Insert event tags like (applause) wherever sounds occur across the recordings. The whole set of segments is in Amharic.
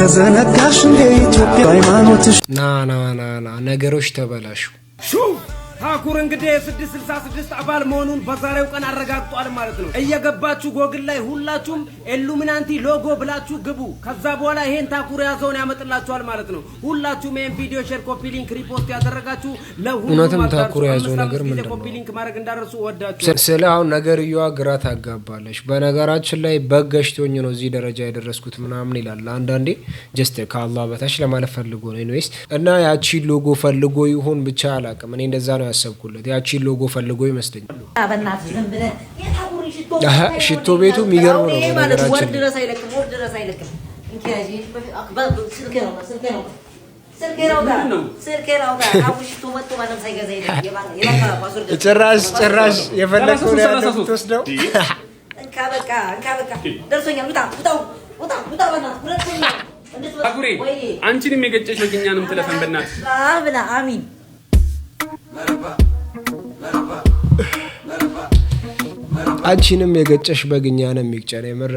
ተዘነጋሽ እንደ ኢትዮጵያ ሃይማኖትሽ ና ና ና ና ነገሮች ተበላሹ። ታኩር እንግዲህ የ666 አባል መሆኑን በዛሬው ቀን አረጋግጧል ማለት ነው። እየገባችሁ ጎግል ላይ ሁላችሁም ኢሉሚናንቲ ሎጎ ብላችሁ ግቡ። ከዛ በኋላ ይሄን ታኩር ያዘውን ያመጥላችኋል ማለት ነው። ሁላችሁም ይሄን ቪዲዮ ሼር፣ ኮፒ ሊንክ፣ ሪፖስት ያደረጋችሁ ለሁሉም ታኩር ያዘው ነገር ምንድን ነው? ኮፒ ሊንክ ማድረግ እንዳደረሱ ወዳችሁ ስለ አሁን ነገር እዩዋ ግራ ታጋባለች። በነገራችን ላይ በገሽቶኝ ነው እዚህ ደረጃ የደረስኩት ምናምን ይላል አንዳንዴ። ጀስት ከአላህ በታች ለማለት ፈልጎ ነው። ኢንዌስት እና ያቺ ሎጎ ፈልጎ ይሁን ብቻ አላቅም እኔ እንደዛ ነው ያሰብኩለት። ያቺን ሎጎ ፈልጎ ይመስለኛል። ሽቶ ቤቱ የሚገርም ነው። ጭራሽ ጭራሽ የፈለግከው ያለው ትወስደው አንቺንም የገጨሽ እኛንም ትለፈን በእናትሽ አሚን አንቺንም የገጨሽ በግኛ ነው የሚቅጨር። የምር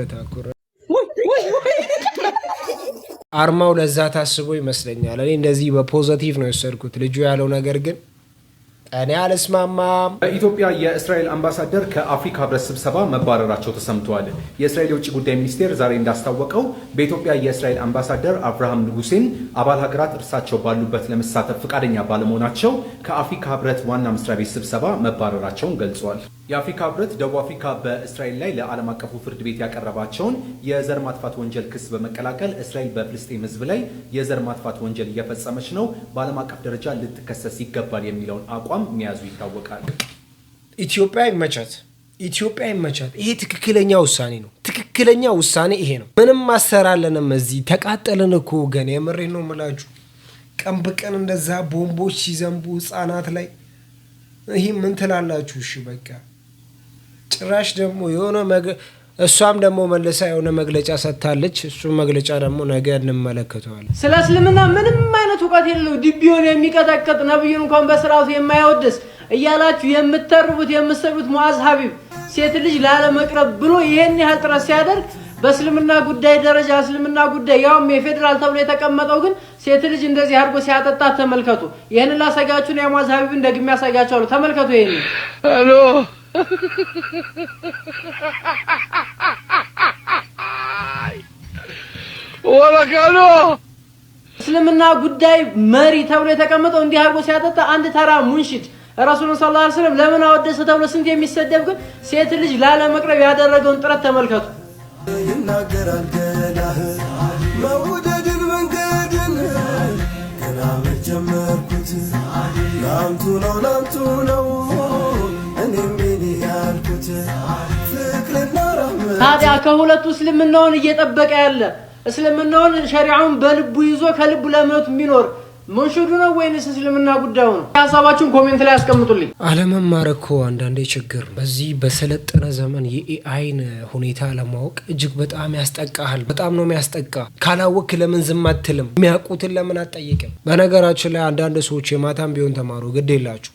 አርማው ለዛ ታስቦ ይመስለኛል። እኔ እንደዚህ በፖዘቲቭ ነው የወሰድኩት ልጁ ያለው ነገር ግን እኔ አልስማማም። በኢትዮጵያ የእስራኤል አምባሳደር ከአፍሪካ ህብረት ስብሰባ መባረራቸው ተሰምተዋል። የእስራኤል የውጭ ጉዳይ ሚኒስቴር ዛሬ እንዳስታወቀው በኢትዮጵያ የእስራኤል አምባሳደር አብርሃም ንጉሴን አባል ሀገራት እርሳቸው ባሉበት ለመሳተፍ ፈቃደኛ ባለመሆናቸው ከአፍሪካ ህብረት ዋና መስሪያ ቤት ስብሰባ መባረራቸውን ገልጿል። የአፍሪካ ህብረት ደቡብ አፍሪካ በእስራኤል ላይ ለዓለም አቀፉ ፍርድ ቤት ያቀረባቸውን የዘር ማጥፋት ወንጀል ክስ በመቀላቀል እስራኤል በፍልስጤም ህዝብ ላይ የዘር ማጥፋት ወንጀል እየፈጸመች ነው፣ በዓለም አቀፍ ደረጃ ልትከሰስ ይገባል የሚለውን አቋም መያዙ ይታወቃል። ኢትዮጵያ ይመቻት፣ ኢትዮጵያ ይመቻት። ይሄ ትክክለኛ ውሳኔ ነው። ትክክለኛ ውሳኔ ይሄ ነው። ምንም አሰራለንም። እዚህ ተቃጠልን እኮ ወገን፣ የምሬ ነው ምላችሁ። ቀን በቀን እንደዛ ቦምቦች ሲዘንቡ ህጻናት ላይ ይህ ምን ትላላችሁ? እሺ በቃ ጭራሽ ደግሞ የሆነ እሷም ደግሞ መልሳ የሆነ መግለጫ ሰጥታለች። እሱ መግለጫ ደግሞ ነገ እንመለከተዋለን። ስለ እስልምና ምንም አይነት እውቀት የለው ድቢውን የሚቀጠቅጥ ነብዩን እንኳን በስርዓቱ የማያወድስ እያላችሁ የምተርቡት የምሰቡት ሙዓዝ ሀቢብ ሴት ልጅ ላለመቅረብ ብሎ ይሄን ያህል ጥረት ሲያደርግ በእስልምና ጉዳይ ደረጃ እስልምና ጉዳይ ያውም የፌዴራል ተብሎ የተቀመጠው ግን ሴት ልጅ እንደዚህ አድርጎ ሲያጠጣ ተመልከቱ። ይህን ላሳጋችሁን የሙዓዝ ሀቢብን ደግሜ ያሳጋችኋለሁ። ተመልከቱ ይህን ወረቀኖ እስልምና ጉዳይ መሪ ተብሎ የተቀመጠው እንዲህ አድርጎ ሲያጠጣ አንድ ተራ ሙንሽድ ረሱሉን ሰለላሁ ላ ስለም ለምን አወደሰ ተብሎ ስንት የሚሰደብ ግን ሴት ልጅ ላለመቅረብ ያደረገውን ጥረት ተመልከቱ። ይናገራል መውደድን መንገድን ገና መጀመርኩት ላንቱ ነው ላንቱ ነው ታዲያ ከሁለቱ እስልምናውን እየጠበቀ ያለ እስልምናውን ሸሪዓውን በልቡ ይዞ ከልቡ ለእምነቱ የሚኖር ሙንሽዱ ነው ወይንስ እስልምና ጉዳዩ ነው? ሀሳባችሁን ኮሜንት ላይ አስቀምጡልኝ አለመማር እኮ አንዳንዴ ችግር በዚህ በሰለጠነ ዘመን የኤአይን ሁኔታ ለማወቅ እጅግ በጣም ያስጠቃሃል። በጣም ነው የሚያስጠቃ። ካላወክ ለምን ዝም አትልም? የሚያውቁትን ለምን አትጠይቅም? በነገራችን ላይ አንዳንድ ሰዎች የማታም ቢሆን ተማሩ፣ ግድ የላችሁ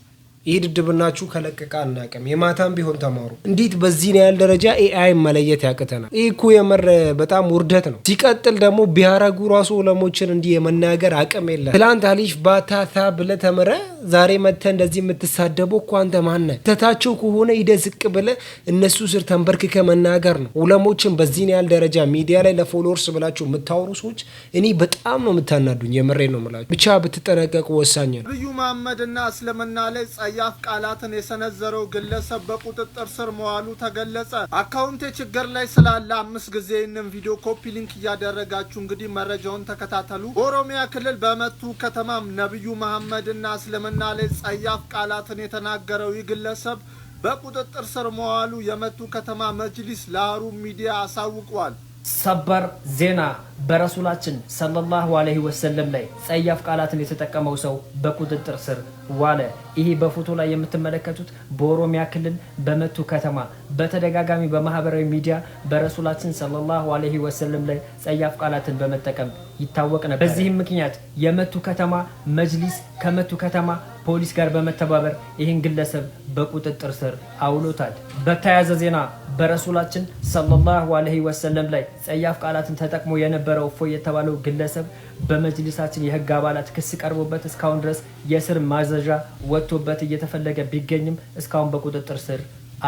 ይህ ድድብናችሁ ከለቀቀ አናቅም። የማታም ቢሆን ተማሩ። እንዴት በዚህ ነው ያህል ደረጃ ኤአይ መለየት ያቅተናል? ይህ እኮ የመር በጣም ውርደት ነው። ሲቀጥል ደግሞ ቢያረጉ ራሱ ዑለሞችን እንዲህ የመናገር አቅም የለም። ትላንት አሊፍ ባታታ ብለ ተምረ ዛሬ መተ እንደዚህ የምትሳደበው እኮ አንተ ማነ ተታቸው ከሆነ ሂደ ዝቅ ብለ እነሱ ስር ተንበርክከ መናገር ነው። ዑለሞችን በዚህ ነው ያህል ደረጃ ሚዲያ ላይ ለፎሎወርስ ብላችሁ የምታወሩ ሰዎች እኔ በጣም ነው የምታናዱኝ። የምሬ ነው የምላችሁ። ብቻ ብትጠነቀቁ ወሳኝ ነው። ነብዩ መሐመድና እስልምና ላይ የጸያፍ ቃላትን የሰነዘረው ግለሰብ በቁጥጥር ስር መዋሉ ተገለጸ። አካውንቴ ችግር ላይ ስላለ አምስት ጊዜ ይህንን ቪዲዮ ኮፒ ሊንክ እያደረጋችሁ እንግዲህ መረጃውን ተከታተሉ። በኦሮሚያ ክልል በመቱ ከተማ ነቢዩ መሐመድና እስልምና ላይ ጸያፍ ቃላትን የተናገረው ይህ ግለሰብ በቁጥጥር ስር መዋሉ የመቱ ከተማ መጅሊስ ለሀሩን ሚዲያ አሳውቋል። ሰበር ዜና በረሱላችን ሰለላሁ አለይሂ ወሰለም ላይ ጸያፍ ቃላትን የተጠቀመው ሰው በቁጥጥር ስር ዋለ። ይህ በፎቶ ላይ የምትመለከቱት በኦሮሚያ ክልል በመቱ ከተማ በተደጋጋሚ በማህበራዊ ሚዲያ በረሱላችን ሰለላሁ አለይሂ ወሰለም ላይ ጸያፍ ቃላትን በመጠቀም ይታወቅ ነበር። በዚህም ምክንያት የመቱ ከተማ መጅሊስ ከመቱ ከተማ ፖሊስ ጋር በመተባበር ይህን ግለሰብ በቁጥጥር ስር አውሎታል። በተያያዘ ዜና በረሱላችን ሰለላሁ አለይሂ ወሰለም ላይ ጸያፍ ቃላትን ተጠቅሞ የነበረው እፎይ የተባለው ግለሰብ በመጅሊሳችን የህግ አባላት ክስ ቀርቦበት እስካሁን ድረስ የስር ማዘዣ ወጥቶበት እየተፈለገ ቢገኝም እስካሁን በቁጥጥር ስር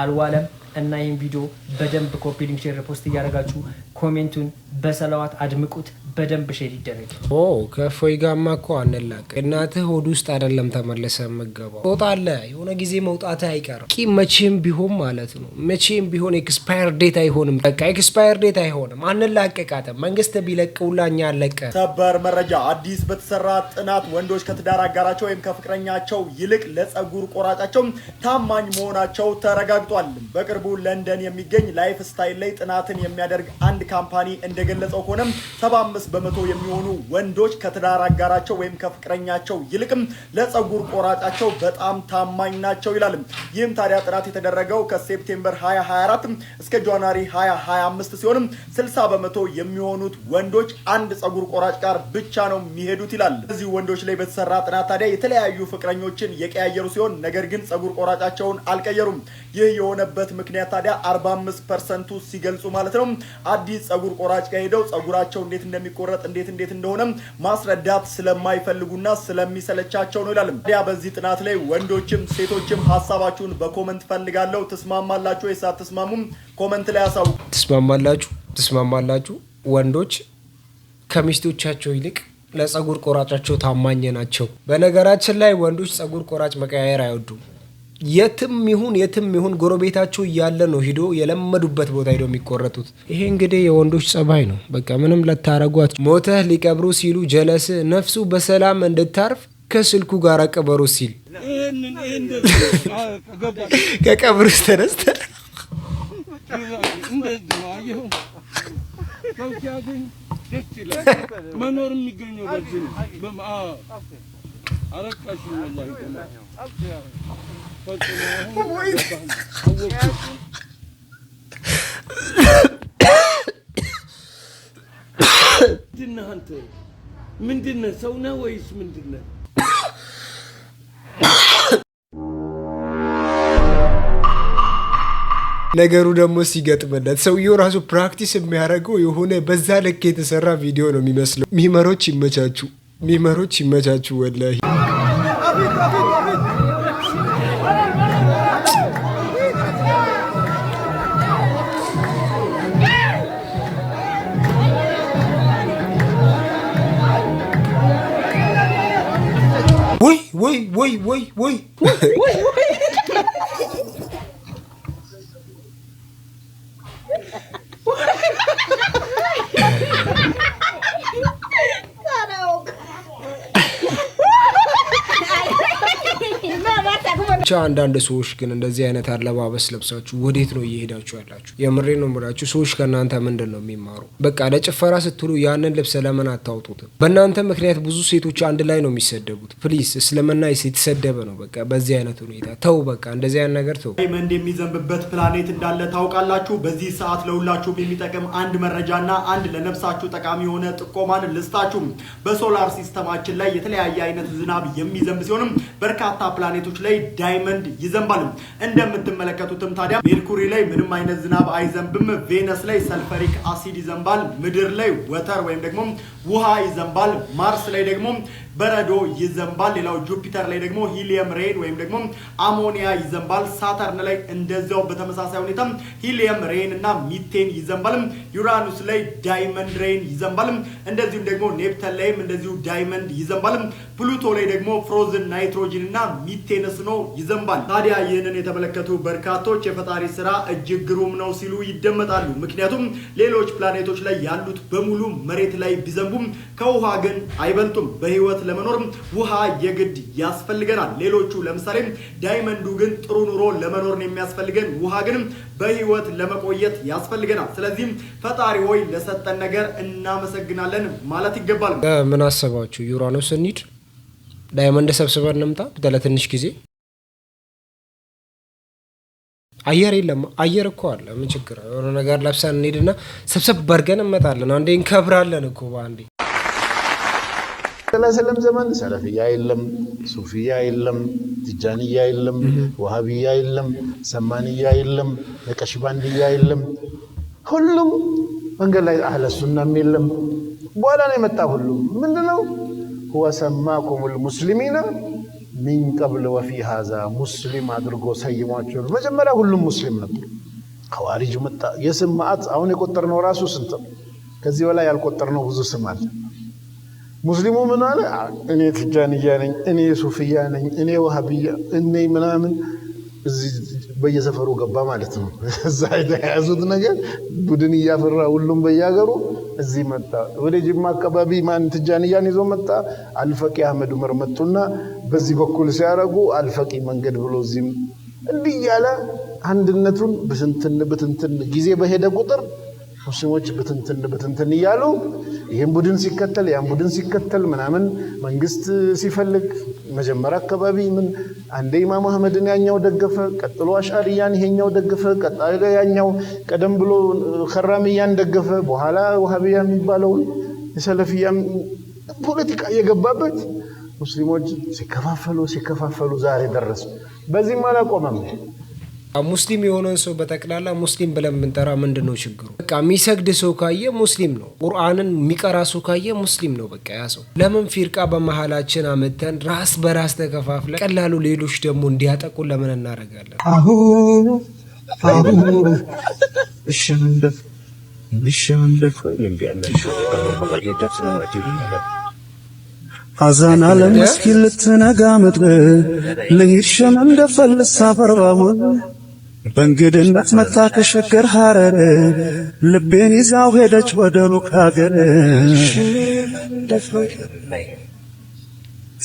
አልዋለም እና ይህን ቪዲዮ በደንብ ኮፒ ሊንክ ሼር ፖስት እያደረጋችሁ ኮሜንቱን በሰላዋት አድምቁት። በደንብ ሼድ ይደረግ። ከእፎይ ጋማ እኮ አንላቅ። እናትህ ሆድ ውስጥ አይደለም ተመልሰ የምገባው። ትወጣለህ፣ የሆነ ጊዜ መውጣት አይቀርም። ቂም መቼም ቢሆን ማለት ነው መቼም ቢሆን ኤክስፓየር ዴት አይሆንም። በቃ ኤክስፓየር ዴት አይሆንም። አንላቀቃትም። መንግስት ቢለቅውላኛ አለቀ። ሰበር መረጃ። አዲስ በተሰራ ጥናት ወንዶች ከትዳር አጋራቸው ወይም ከፍቅረኛቸው ይልቅ ለጸጉር ቆራጫቸው ታማኝ መሆናቸው ተረጋግጧል። በቅርቡ ለንደን የሚገኝ ላይፍ ስታይል ላይ ጥናትን የሚያደርግ አንድ ካምፓኒ እንደገለጸው ከሆነም ሰባ አምስት በመቶ የሚሆኑ ወንዶች ከትዳር አጋራቸው ወይም ከፍቅረኛቸው ይልቅም ለፀጉር ቆራጫቸው በጣም ታማኝ ናቸው ይላል። ይህም ታዲያ ጥናት የተደረገው ከሴፕቴምበር 2024 እስከ ጃንዋሪ 2025 ሲሆንም 60 በመቶ የሚሆኑት ወንዶች አንድ ፀጉር ቆራጭ ጋር ብቻ ነው የሚሄዱት ይላል። እዚህ ወንዶች ላይ በተሰራ ጥናት ታዲያ የተለያዩ ፍቅረኞችን የቀያየሩ ሲሆን ነገር ግን ፀጉር ቆራጫቸውን አልቀየሩም። ይህ የሆነበት ምክንያት ታዲያ 45 ፐርሰንቱ ሲገልጹ ማለት ነው አዲስ ፀጉር ቆራጭ ጋር ሄደው ፀጉራቸው እንዴት እንደሚ የሚቆረጥ እንዴት እንዴት እንደሆነ ማስረዳት ስለማይፈልጉና ስለሚሰለቻቸው ነው ይላል። ታዲያ በዚህ ጥናት ላይ ወንዶችም ሴቶችም ሀሳባችሁን በኮመንት ፈልጋለሁ። ትስማማላችሁ ወይስ አትስማሙም? ኮመንት ላይ አሳውቁ። ትስማማላችሁ ትስማማላችሁ? ወንዶች ከሚስቶቻቸው ይልቅ ለጸጉር ቆራጫቸው ታማኝ ናቸው። በነገራችን ላይ ወንዶች ጸጉር ቆራጭ መቀያየር አይወዱም። የትም ይሁን የትም ይሁን ጎረቤታችሁ እያለ ነው ሂዶ የለመዱበት ቦታ ሂዶ የሚቆረጡት። ይሄ እንግዲህ የወንዶች ጸባይ ነው። በቃ ምንም ለታረጓት ሞተህ ሊቀብሩ ሲሉ ጀለስ ነፍሱ በሰላም እንድታርፍ ከስልኩ ጋር ቅበሩ ሲል ከቀብሩ ተነስተ መኖር የሚገኘው ምንድነህ አንተ? ምንድነህ ሰው ነህ ወይስ ምንድነህ? ነገሩ ደግሞ ሲገጥምለት ሰውየው ራሱ ፕራክቲስ የሚያደርገው የሆነ በዛ ልክ የተሰራ ቪዲዮ ነው የሚመስለው። ሚመሮች ይመቻችሁ፣ ሚመሮች ይመቻችሁ። ወላሂ Ui, ui, ui, ui. Ui, ui, ui. (laughs) አንዳንድ ሰዎች ግን እንደዚህ አይነት አለባበስ ለብሳችሁ ወዴት ነው እየሄዳችሁ ያላችሁ? የምሬ ነው ምላችሁ። ሰዎች ከእናንተ ምንድን ነው የሚማሩ? በቃ ለጭፈራ ስትሉ ያንን ልብስ ለምን አታውጡትም? በእናንተ ምክንያት ብዙ ሴቶች አንድ ላይ ነው የሚሰደቡት። ፕሊስ፣ እስልምና የተሰደበ ነው። በቃ በዚህ አይነት ሁኔታ ተው፣ በቃ እንደዚህ አይነት ነገር ተው። መንድ የሚዘንብበት ፕላኔት እንዳለ ታውቃላችሁ። በዚህ ሰዓት ለሁላችሁም የሚጠቅም አንድ መረጃና አንድ ለነፍሳችሁ ጠቃሚ የሆነ ጥቆማን ልስታችሁ በሶላር ሲስተማችን ላይ የተለያየ አይነት ዝናብ የሚዘንብ ሲሆንም በርካታ ፕላኔቶች ላይ ዳይ ዳይመንድ ይዘንባል። እንደምትመለከቱትም ታዲያ ሜርኩሪ ላይ ምንም አይነት ዝናብ አይዘንብም። ቬነስ ላይ ሰልፈሪክ አሲድ ይዘንባል። ምድር ላይ ወተር ወይም ደግሞ ውሃ ይዘንባል። ማርስ ላይ ደግሞ በረዶ ይዘንባል። ሌላው ጁፒተር ላይ ደግሞ ሂሊየም ሬን ወይም ደግሞ አሞኒያ ይዘንባል። ሳተርን ላይ እንደዚያው በተመሳሳይ ሁኔታ ሂሊየም ሬን እና ሚቴን ይዘንባል። ዩራኑስ ላይ ዳይመንድ ሬን ይዘንባል። እንደዚሁም ደግሞ ኔፕተን ላይም እንደዚሁ ዳይመንድ ይዘንባል። ፕሉቶ ላይ ደግሞ ፍሮዝን ናይትሮጂን እና ሚቴንስ ነው ይዘንባል። ታዲያ ይህንን የተመለከቱ በርካቶች የፈጣሪ ስራ እጅግ ግሩም ነው ሲሉ ይደመጣሉ። ምክንያቱም ሌሎች ፕላኔቶች ላይ ያሉት በሙሉ መሬት ላይ ቢዘንብ ቢዘንቡም ከውሃ ግን አይበልጡም። በህይወት ለመኖርም ውሃ የግድ ያስፈልገናል። ሌሎቹ ለምሳሌ ዳይመንዱ ግን ጥሩ ኑሮ ለመኖርን የሚያስፈልገን ውሃ ግን በህይወት ለመቆየት ያስፈልገናል። ስለዚህም ፈጣሪ ሆይ ለሰጠን ነገር እናመሰግናለን ማለት ይገባል። ምን አሰባችሁ? ዩራኖስ እንሂድ፣ ዳይመንድ ሰብስበን እንምጣ ለትንሽ ጊዜ አየር የለም። አየር እኮ አለ። ምን ችግር የሆነ ነገር ለብሰን እንሄድና ሰብሰብ በርገን እንመጣለን። አንዴ እንከብራለን እኮ በአንዴ። ስለም ዘመን ሰለፍያ የለም፣ ሱፍያ የለም፣ ትጃንያ የለም፣ ዋሃብያ የለም፣ ሰማንያ የለም፣ ነቀሽባንድያ የለም። ሁሉም መንገድ ላይ አህለ ሱናም የለም። በኋላ ነው የመጣ ሁሉም ምንድነው ሁወ ሰማኩም ልሙስሊሚና ሚን ቀብል ወፊ ሃዛ ሙስሊም አድርጎ ሰይሟቸው። መጀመሪያ ሁሉም ሙስሊም ነበር። ኸዋሪጅ መጣ። የስም መዓት አሁን የቆጠርነው ራሱ ስንት ነው? ከዚህ በላይ ያልቆጠርነው ብዙ ስም አለ። ሙስሊሙ ምን አለ? እኔ ትጃንያ ነኝ፣ እኔ ሱፍያ ነኝ፣ እኔ ወሃብያ፣ እኔ ምናምን እዚህ በየሰፈሩ ገባ ማለት ነው። (laughs) እዛ የተያያዙት ነገር ቡድን እያፈራ ሁሉም በያገሩ እዚህ መጣ። ወደ ጅማ አካባቢ ማን ትጃንያን ይዞ መጣ። አልፈቂ አህመድ ዑመር መጡና በዚህ በኩል ሲያደርጉ አልፈቂ መንገድ ብሎ እዚህም እንዲህ እያለ አንድነቱን ብትንትን ብትንትን ጊዜ በሄደ ቁጥር ሙስሊሞች ብትንትን ብትንትን እያሉ ይህም ቡድን ሲከተል ያም ቡድን ሲከተል ምናምን መንግስት ሲፈልግ መጀመሪያ አካባቢ ምን አንደ ኢማም አህመድን ያኛው ደገፈ፣ ቀጥሎ አሻርያን ይሄኛው ደገፈ፣ ቀጣ ያኛው ቀደም ብሎ ከራምያን ደገፈ፣ በኋላ ውሃብያ የሚባለውን የሰለፍያም ፖለቲካ እየገባበት ሙስሊሞች ሲከፋፈሉ ሲከፋፈሉ ዛሬ ደረሱ። በዚህም አላቆመም። ሙስሊም የሆነን ሰው በጠቅላላ ሙስሊም ብለን የምንጠራ ምንድን ነው ችግሩ? በቃ የሚሰግድ ሰው ካየ ሙስሊም ነው። ቁርአንን የሚቀራ ሰው ካየ ሙስሊም ነው። በቃ ያ ሰው ለምን ፊርቃ በመሀላችን አመተን ራስ በራስ ተከፋፍለን ቀላሉ ሌሎች ደግሞ እንዲያጠቁን ለምን እናደርጋለን? እሺ ሐዘን ዓለም እስኪ ልትነጋ ምድር ልይሽም እንደፈልሳ ፈርባሙን በእንግድነት መታ ከሸገር ሐረር ልቤን ይዛው ሄደች ወደ ሩቅ ሀገር።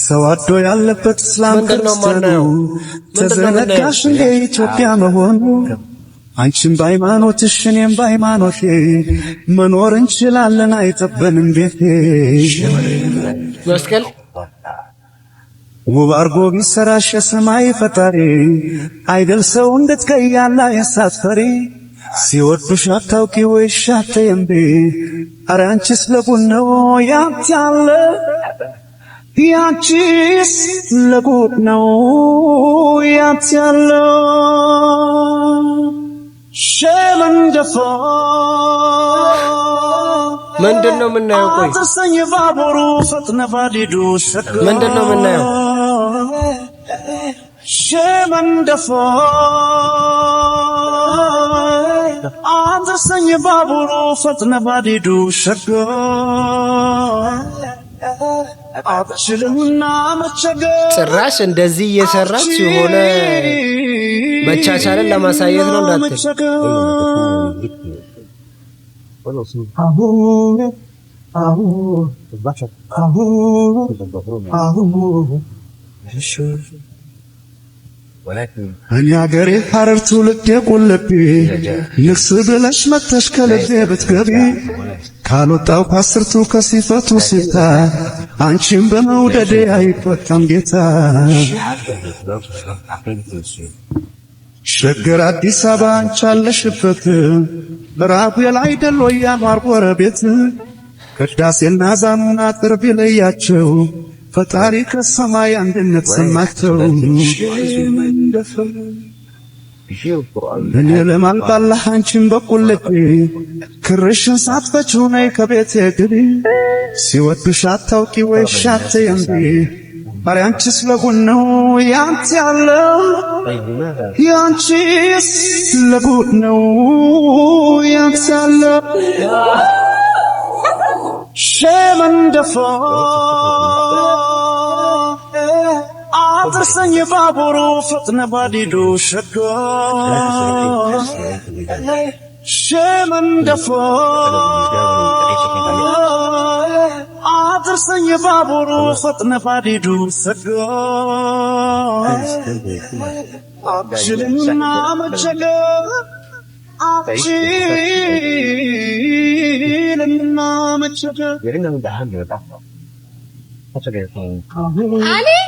ሰው አዶ ያለበት እስላም ክርስቲያኑ ተዘነጋሽ እንዴ ኢትዮጵያ መሆኑ? አንቺም በሃይማኖትሽ እኔም በሃይማኖቴ መኖር እንችላለን አይጠበንም ቤቴ መስቀል ውብ አርጎ ቢሰራሽ ሰማይ ፈጣሪ አይደል ሰው እንድትቀያላ ያሳፈሪ ሲወዱሽ አታውቂ ወይ ሻተ የምቤ አረ አንቺስ ለቡነው ያንቺ አለ ያንቺስ ለጉድ ነው ያንቺ አለ ሸመንደፋ ምንድን ነው የምናየው? ቆይ ምንድን ነው የምናየው? አድርሰኝ ባቡሩ ፈጥነ ባዲዱ ሸጎ አትችልምና መቸገር ጭራሽ እንደዚህ እየሰራች የሆነ መቻቻልን ለማሳየት ነው እንዳትል እኔ አገሬ ሐረር ትውልዴ ቆለቤ ንግስ ብለሽ መተሽ ከልቤ ብትገቢ ካልወጣው ካስርቱ ከሲፈቱ ሲታ አንቺን በመውደዴ አይቆጣም ጌታ ሸገር አዲስ አበባ አንቻለሽበት ምዕራብ የላይ ደሎ ያኗር ጎረቤት ከዳሴና ዛሙና ጥርብ ለያቸው ፈጣሪ ከሰማይ አንድነት ሰማቸው። እኔ ለማልባላህ አንቺን በቁልፊ ክርሽን ሳትፈችው ነይ ከቤቴ ግቢ ሲወድሽ አታውቂ ወይ ሻቴ እንቢ ማርያንቺስ ለጎን ነው ያንቺ ያለው ያንቺስ ለጎን ነው ያንቺ ያለው ሸመንደፋ አድርሰኝ ባቡሩ ፈጥነ ባዲዱ ሸጋ ሸመንደፋ سن يبابرو خطنا فاديدو سدو شلنا متشقا شلنا متشقا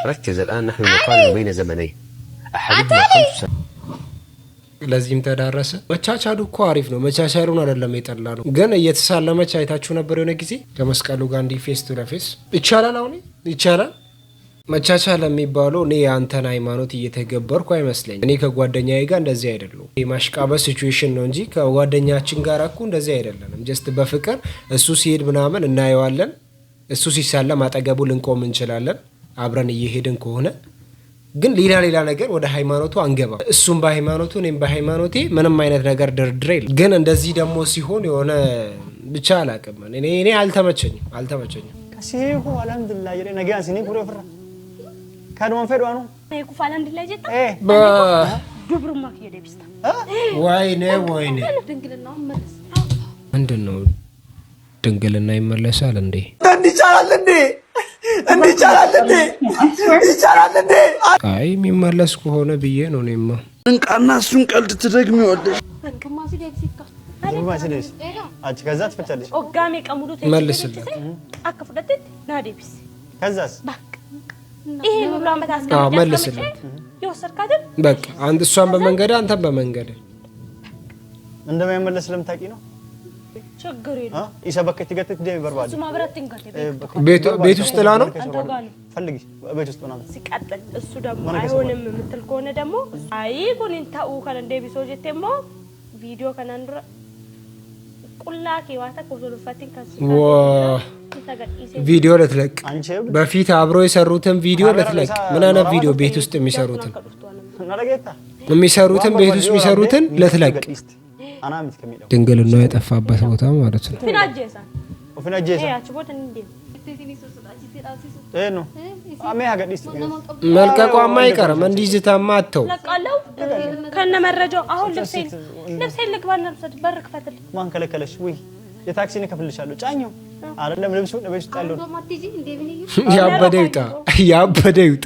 ركز الآن نحن نقارن بين زمنين أحدهما خمس ለዚህም ተዳረሰ። መቻቻሉ እኮ አሪፍ ነው። መቻቻሉን አይደለም የጠላ ነው። ግን እየተሳለመች አይታችሁ ነበር የሆነ ጊዜ ከመስቀሉ ጋር እንዲህ ፌስ ቱ ለፌስ ይቻላል። አሁን ይቻላል መቻቻል የሚባለው እኔ የአንተን ሃይማኖት እየተገበርኩ አይመስለኝ። እኔ ከጓደኛዬ ጋር እንደዚህ አይደለም። ማሽቃበ ሲቹዌሽን ነው እንጂ ከጓደኛችን ጋር እኮ እንደዚህ አይደለንም። ጀስት በፍቅር እሱ ሲሄድ ምናምን እናየዋለን። እሱ ሲሳለም አጠገቡ ልንቆም እንችላለን። አብረን እየሄድን ከሆነ ግን ሌላ ሌላ ነገር ወደ ሃይማኖቱ አንገባ። እሱም በሃይማኖቱ እኔም በሃይማኖቴ ምንም አይነት ነገር ድርድር የለም። ግን እንደዚህ ደግሞ ሲሆን የሆነ ብቻ አላቅም። እኔ አልተመቸኝም አልተመቸኝም። ወይኔ ወይኔ ምንድን ነው ድንግልና ይመለሳል እንዴ? ይቻላል እንዴ? ይቻላል እንዴ? ይቻላል እንዴ? አይ የሚመለስ ከሆነ ብዬ ነው እኔማ። እንቃና እሱን ቀልድ ትደግሚዋለሽ ከዛ ትፈቻለሽ። መልስልህ። ከዛስ መልስልህ። በቃ አንድ እሷን በመንገድ አንተን በመንገድ እንደማይመለስ ስለምታውቂ ነው ኢሳ በከ እት ገት ደም ቤት ውስጥ ጥላ ነው ፈልጊ ቤት ውስጥ ምናምን ሲቀጥል እሱ ደግሞ አይሆንም የምትል ከሆነ ደግሞ አይ ኩኒን ተኡ ከነ እንደ ቢሶ ጀቴሞ ቪዲዮ ከነ እንድራ ቁላ ኬዋታ ኮሶልፋቲን ከሱ ቪዲዮ ልትለቅ በፊት አብሮ የሰሩትን ቪዲዮ ልትለቅ። ምን አይነት ቪዲዮ ቤት ውስጥ የሚሰሩትን የሚሰሩትን ቤት ውስጥ የሚሰሩትን ልትለቅ ድንግልና የጠፋበት ቦታ ማለት ነው። መልቀቋማ አይቀርም። እንዲህ ዝታማ አተው ከነ መረጃው አሁን ልብሴን ልብሴን ልግባና ልብሰት በር ክፈትልኝ። ማን ከለከለሽ? ወይ የታክሲን እከፍልሻለሁ። ጫኘው አይደለም ልብሱ ነበሽ ጣለው። ያበደ ይውጣ፣ ያበደ ይውጣ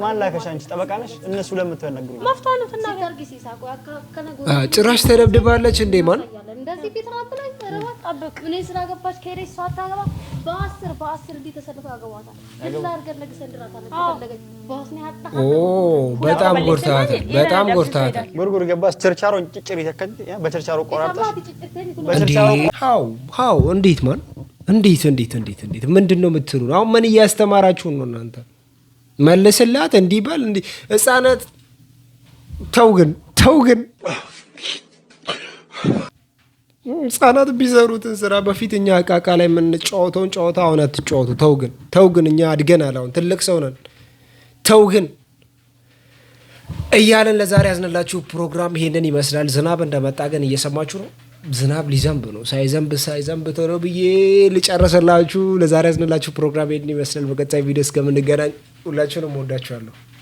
ማን ላከሽ? አንቺ ጠበቃ ነሽ? እነሱ ጭራሽ ተደብድባለች እንዴ? ማን እንደዚህ ቤት በጣም ጎርታታል። በጣም ጎርታታል። ጉርጉር ገባ ችርቻሮን ጭጭር ይተከል በችርቻሮ ቆራጣሽ እንዴት ማን እንዴት እንዴት እንዴት እንዴት ምንድን ነው የምትሉን? አሁን ምን እያስተማራችሁን ነው እናንተ? መልስላት እንዲህ በል እንዲህ ህፃናት ተው ግን ተው ግን ህጻናት ቢሰሩትን ስራ በፊት እኛ እቃቃ ላይ የምንጫወተውን ጨዋታ አሁን አትጫወቱ። ተው ግን ተው ግን እኛ አድገናል፣ አሁን ትልቅ ሰው ነን። ተው ግን እያለን ለዛሬ ያዝንላችሁ ፕሮግራም ይሄንን ይመስላል። ዝናብ እንደመጣ ግን እየሰማችሁ ነው። ዝናብ ሊዘንብ ነው። ሳይዘንብ ሳይዘንብ ቶሎ ብዬ ልጨረሰላችሁ። ለዛሬ ያዝንላችሁ ፕሮግራም ይህን ይመስላል። በቀጣይ ቪዲዮ እስከምንገናኝ ሁላችሁንም ወዳችኋለሁ።